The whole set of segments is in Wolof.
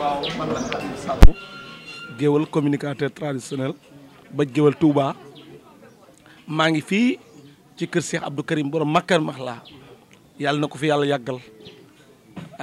waaw communicateur traditionnel ba géwal tuuba maa ngi fii ci kër Cheikh Abdou Karim borom Makar Maxla yàlla na ko fi yàlla yàggal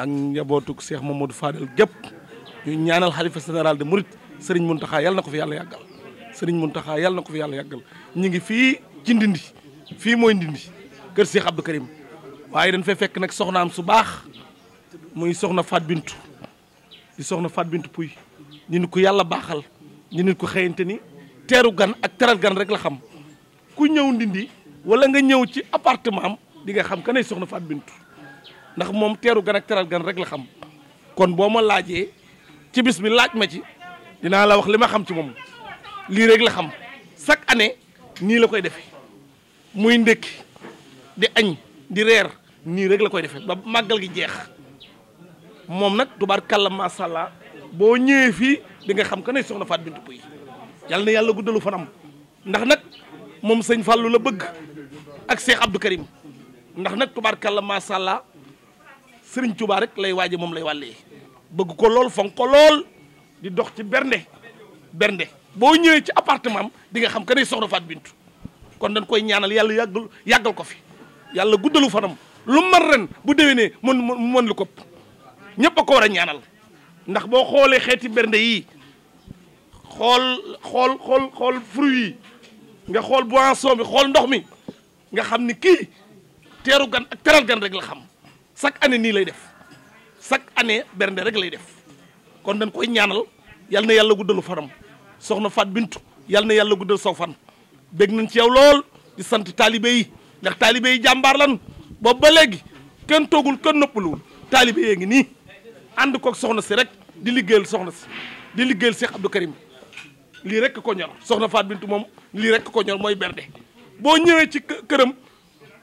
ak njabootug Cheikh Mamadou Fadel gépp ñu ñaanal xalifa général de Mouride Serigne Mountakha yàlla na ko fi yàlla yàggal Serigne Mountakha yàlla na ko fi yàlla yàggal ñu ngi fii ci ndindi fii mooy ndindi kër Cheikh Abdou Karim waaye dañ fay fekk nag soxnaam su baax muy soxna Fat Bintu di soxna Fatou Bintou Pouy ñu ko ku yàlla baaxal ñu nit ku xëyante ni teeru gan ak teral gan rek la xam ku ñëw ndindi wala nga ñëw ci appartement am di nga xam kanay soxna Fatou Bintou ndax moom teeru gan ak teral gan rek la xam kon boo ma laajee ci bis bi laaj ma ci dinaa la wax li ma xam ci moom lii rek la xam chaque année nii la koy defe muy ndékki di añ di reer nii rek la koy defee ba màggal gi jeex moom nag tubaarkàlla macha allah boo ñëwee fii di nga xam que ne soxna Fatou Binetou Pouye yàlla na yàlla guddalu fanam ndax nag moom sëñ Fallou la bëgg ak Cheikh Abdou Karim ndax nag tubaarkàlla macha allah sëriñ Touba rek lay waaje moom lay wàllee bëgg ko lool fonk lool di dox ci bernde bernde boo ñëwee ci appartement am di nga xam que ne soxna Fatou Binetou kon dañ koy ñaanal yàlla yàggal yàggal ko fi yàlla guddalu fanam lu man ren bu déwénee mën mën lu ko. ñëpp a ko war a ñaanal ndax boo xoolee xeeti bernde yi xool xool xool xool fruit nga xool boisson bi xool ndox mi nga xam ni kii teeru gan ak teral gan rek la xam chaque année nii lay def chaque année bernde rek lay def kon dañ koy ñaanal yal na yàlla guddalu fanam soxna Fat Bintu yal na yàlla guddal saw fan bég nañ ci yow lool di sant taalibe ndax taalibe yi jàmbaar lan boobu ba léegi kenn toogul kenn noppaluwul taalibe yee ngi nii ànd koog soxna si rek di liggéeyal soxna si di liggéeyal Cheikh Abdou Karim lii rek ko ñor soxna Faat Bintu moom lii rek ko ñor mooy berde boo ñëwee ci këram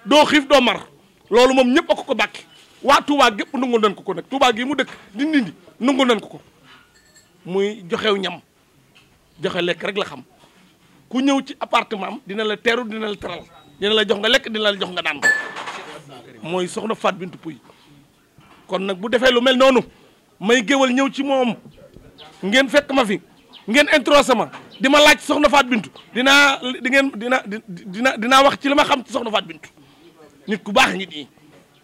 doo xiif doo mar loolu moom ñëpp a ko ko bàkki waa Touba gépp nangul nañ ko ko nag Touba gii mu dëkk di nindi nangul nañ ko ko muy joxew ñam joxe lekk rek la xam ku ñëw ci appartement dina la teeru dina la teral dina la jox nga lekk dina la jox nga daan ko mooy soxna Faat Bintu Pouy kon nag bu defee lu mel noonu may géwal ñëw ci moom ngeen fekk ma fi ngeen introsé ma di ma laaj soxna Faat Bintu dinaa di ngeen dina dina dinaa wax ci li ma xam ci soxna Faat Bintu nit ku baax nit ñi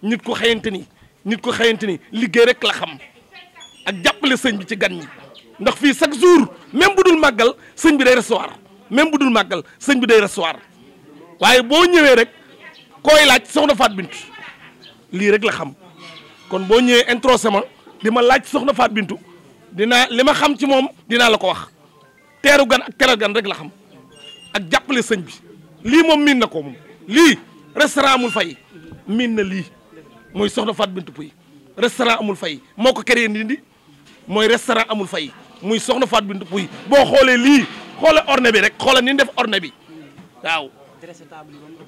nit ku xayante ni nit ku xayante ni liggéey rek la xam ak jàppale sëñ bi ci gan ñi ndax fii chaque jour même bu dul màggal sëñ bi day recevoir même bu dul màggal sëñ bi day recevoir waaye boo ñëwee rek koy laaj soxna Faat Bintu lii rek la xam kon boo ñëwee introsé ma li ma laaj soxna Faat Bintu dinaa li ma xam ci moom dinaa la ko wax teeru gan ak teral gan rek la xam ak jàppale sëñ bi lii moom miin na ko moom lii restaurant amul fay miin na lii mooy soxna Faat Bintu Puy restaurant amul fay moo ko créé Ndindi mooy restaurant amul fay muy soxna Faat Bintu Puy boo xoolee lii xoolee orne bi rek xoolee ni def orne bi waaw.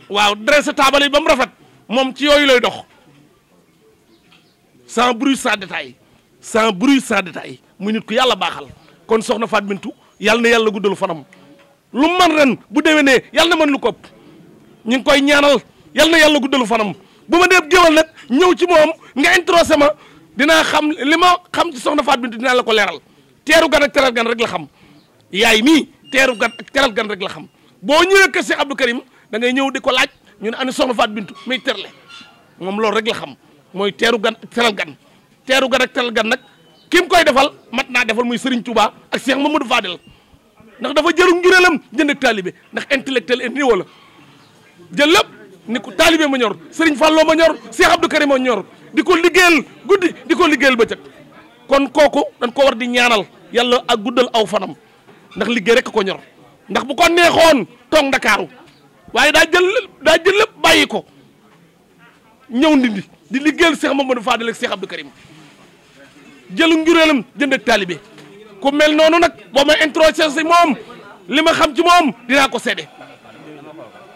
waaw dressé taabal yi ba mu rafet moom ci yooyu lay dox sans bruit sans détail sans bruit sans détail muy nit ku yàlla baaxal kon soxna Fatou Bintou yàlla na yàlla guddalu fanam lu man ren bu ne yàlla na mën lu kopp ñu ngi koy ñaanal yàlla na yàlla guddalu fanam bu ma dee géwal nag ñëw ci moom nga introsé ma dinaa xam li ma xam ci soxna Fatou Bintou dinaa la ko leeral teeru gan ak teral gan rek la xam yaay mii teeru gan ak teral gan rek la xam boo ñëwee kër Cheikh Abdou Karim da ngay ñëw di ko laaj ñu ne ana soxna Fatou Bintou muy terle moom loolu rek la xam mooy teeru gan ak teeru gan ak teral gan nag ki mu koy defal mat naa defal muy Serigne Touba ak Cheikh Mamadou Fadel ndax dafa jëru njureelam jënd ak taalibe ndax intellectuel et niveau la jël lépp ko taalibe ma ñor Serigne Falloo ma ñor Cheikh Abdou Karim ma ñor di ko liggéeyal guddi di ko liggéeyal bëccëg kon kooku dañ ko war di ñaanal yàlla ak guddal aw fanam ndax liggéey rek ko ñor ndax bu ko neexoon toog Ndakaaru waaye daa jël daa jël lépp bàyyi ko ñëw ndindi di liggéeyal Cheikh Mamadou Fadel ak Cheikh Abdou Karim jël njureelam jënd ak taalibe ku mel noonu nag boo may introché si moom li ma xam ci moom dinaa ko séddee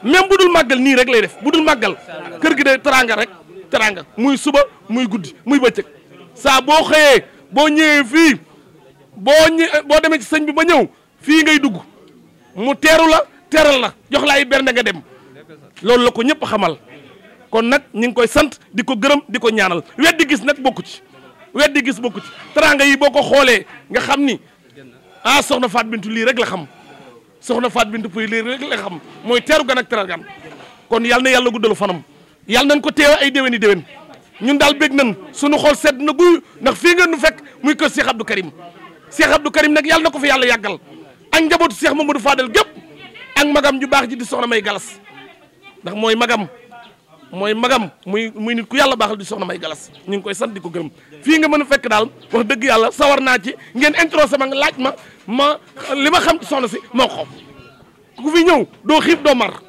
même bu dul màggal nii rek lay def bu dul màggal kër gi day teraanga rek teraanga muy suba muy guddi muy bëccëg saa boo xëyee boo ñëwee fii boo ñë boo demee ci sëñ bi ba ñëw fii ngay dugg mu teeru la teeral la jox la ay bernde nga dem loolu la ko ñëpp xamal. kon nag ñu ngi koy sant di ko gërëm di ko ñaanal weddi gis nag bokku ci weddi gis bokku ci teraanga yi boo ko xoolee nga xam ni ah soxna Fatou Bintou lii rek la xam soxna Fatou Bintou Pouye lii rek la xam mooy teeru gan ak teraangam kon yal na yàlla guddalu fanam yal nañ ko teewe ay déwéni déwén ñun daal bég su suñu xool sedd na guy ndax fii ngeen nu fekk muy kër Cheikh Abdou Karim Cheikh Abdou Karim nag yàlla na ko fi yàlla yàggal ak njabootu Cheikh Mamadou Fadel gépp ak magam ju baax ji di soxna may galas mooy magam mooy magam muy muy nit ku yàlla baaxal di soxna may galas ñu ngi koy sant di ko gërëm fii nga mën a fekk daal wax dëgg yàlla sawar naa ci ngeen introsé ma nga laaj ma ma li ma xam soxna si moo ko ku fi ñëw doo xiif doo mar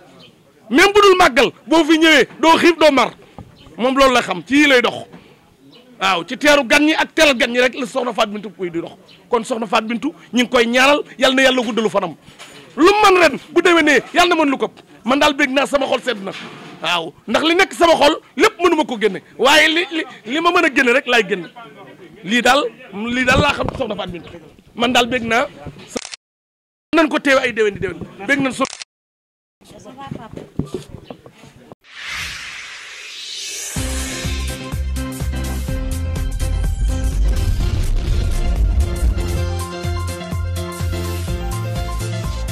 même bu dul màggal boo fi ñëwee doo xiif doo mar moom loolu la xam ci yii lay dox waaw ci teeru gan ñi ak teral gan ñi rek la soxna Fatou Bintou koy di dox kon soxna Fatou Bintou ñu ngi koy ñaaral yal na yàlla guddalu fanam lu man ren bu déwénee yàlla na mën lu ko man daal bég naa sama xol sedd na waaw ndax li nekk sama xol lépp mënuma ma ko génne waaye li li li ma mën a génne rek laay génne lii daal lii daal laa xam soxna Fatou Bintou man daal bég naa nan ko teew ay déwén di déwén bég nañ so